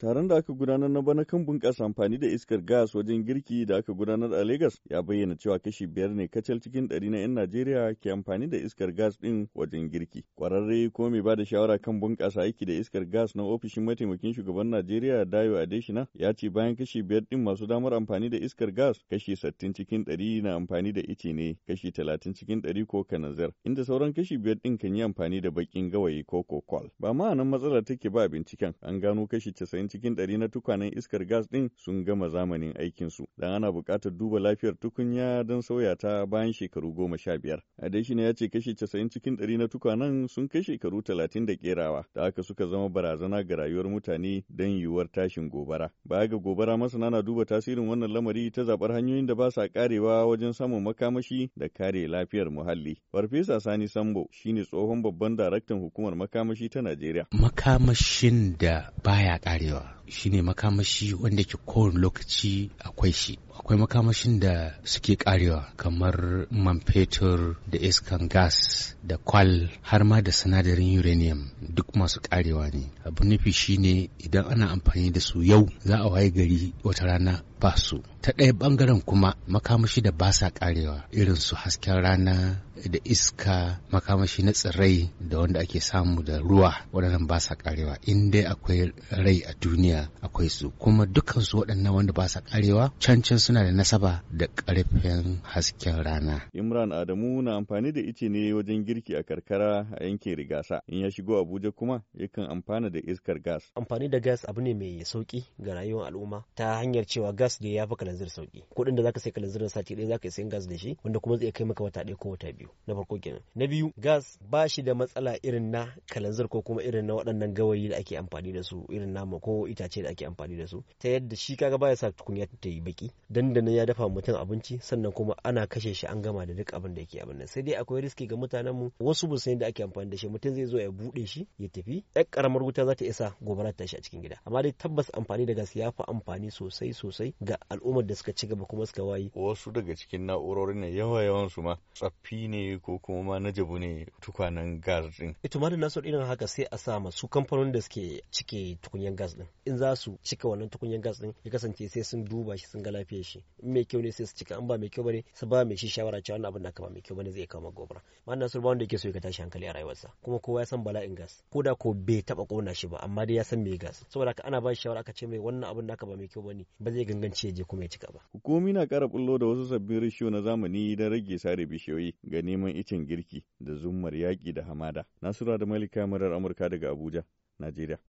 Taron da aka gudanar na bana kan bunƙasa amfani da iskar gas wajen girki da aka gudanar a Legas ya bayyana cewa kashi biyar ne kacal cikin ɗari na 'yan Najeriya ke amfani da iskar gas ɗin wajen girki. Kwararre ko mai ba da shawara kan bunƙasa aiki da iskar gas na ofishin mataimakin shugaban Najeriya Dayo Adeshina ya ce bayan kashi biyar ɗin masu damar amfani da iskar gas kashi sittin cikin ɗari na amfani da ice ne kashi talatin cikin ɗari ko kanazar inda sauran kashi biyar ɗin kan yi amfani da baƙin gawayi ko kokwal. Ba ma nan matsalar take ba binciken an gano kashi casa'in cikin ɗari na tukwanen iskar gas ɗin sun gama zamanin aikinsu dan ana buƙatar duba lafiyar tukunya don sauya ta bayan shekaru goma sha biyar. Adeshina ya ce kashe casa'in cikin ɗari na tukwanen sun kai shekaru talatin da ƙerawa da haka suka zama barazana ga rayuwar mutane don yiwuwar tashin gobara. Baya ga gobara masana na duba tasirin wannan lamari ta zaɓar hanyoyin da ba sa ƙarewa wajen samun makamashi da kare lafiyar muhalli. Farfesa Sani Sambo shine tsohon babban daraktan hukumar makamashi ta Najeriya. Makamashin da baya ƙarewa shi shine makamashi wanda ke kowane lokaci akwai shi akwai makamashin da suke karewa kamar man fetur da iskan gas da kwal har ma da sinadarin uranium duk masu karewa ne abu nufi ne idan ana amfani da su yau za a waye gari wata rana ba su ta ɗaya ɓangaren kuma makamashi da ba sa karewa irin su hasken rana da iska makamashi na tsirrai da wanda ake samu da ruwa waɗannan ba sa karewa in dai akwai rai a duniya akwai su kuma dukkan su waɗannan wanda ba sa karewa cancan suna da nasaba da ƙarfin hasken rana imran adamu na amfani da ice ne wajen girki a karkara a yankin rigasa in ya shigo abuja kuma yakan amfana da iskar gas amfani da gas abu ne mai sauki ga rayuwar al'umma ta hanyar cewa gas da ya fi kalanzir sauki kuɗin da zaka sai kalanzir na sati ɗaya zaka sayan gas da shi wanda kuma zai kai maka wata ɗaya ko wata biyu na farko kenan na biyu gas ba shi da matsala irin na kalanzir ko kuma irin na waɗannan gawayi da ake amfani da su irin nama ko itace da ake amfani da su ta yadda shi kaga baya sa tukunya ta yi baki dandanan ya dafa mutum abinci sannan kuma ana kashe shi an gama da duk abin da yake abin nan sai dai akwai riski ga mutanen mu wasu ba san da ake amfani da shi mutum zai zo ya bude shi ya tafi ɗan karamar wuta za ta isa gobara ta shi a cikin gida amma dai tabbas amfani da gas ya fi amfani sosai sosai ga al'ummar da suka ci gaba kuma suka wayi wasu daga cikin na'urorin ne yawa yawan su ma tsaffi ne ne ko kuma na jabu ne tukwanen gas din. Ito ma da nasu irin haka sai a sa su kamfanonin da suke cike tukunyen gas din. In za su cika wannan tukunyen gas din ya kasance sai sun duba shi sun ga lafiyar shi. In mai kyau ne sai su cika an ba mai kyau bane su ba mai shi shawara cewa wannan abin da ka ba mai kyau bane zai kama gobara. Ma nasu ba wanda yake so ya tashi hankali a rayuwarsa kuma kowa ya san bala'in gas. Ko da ko bai taba kona shi ba amma dai ya san mai gas. Saboda haka ana ba shi shawara aka ce mai wannan abin da ka ba mai kyau bane ba zai ganganci ya je kuma ya cika ba. Hukumi na kara bullo da wasu sabbin rishiyo na zamani da rage sare bishiyoyi gani neman icen girki da zummar yaƙi da hamada. Nasura da Malika murar Amurka daga Abuja, Najeriya.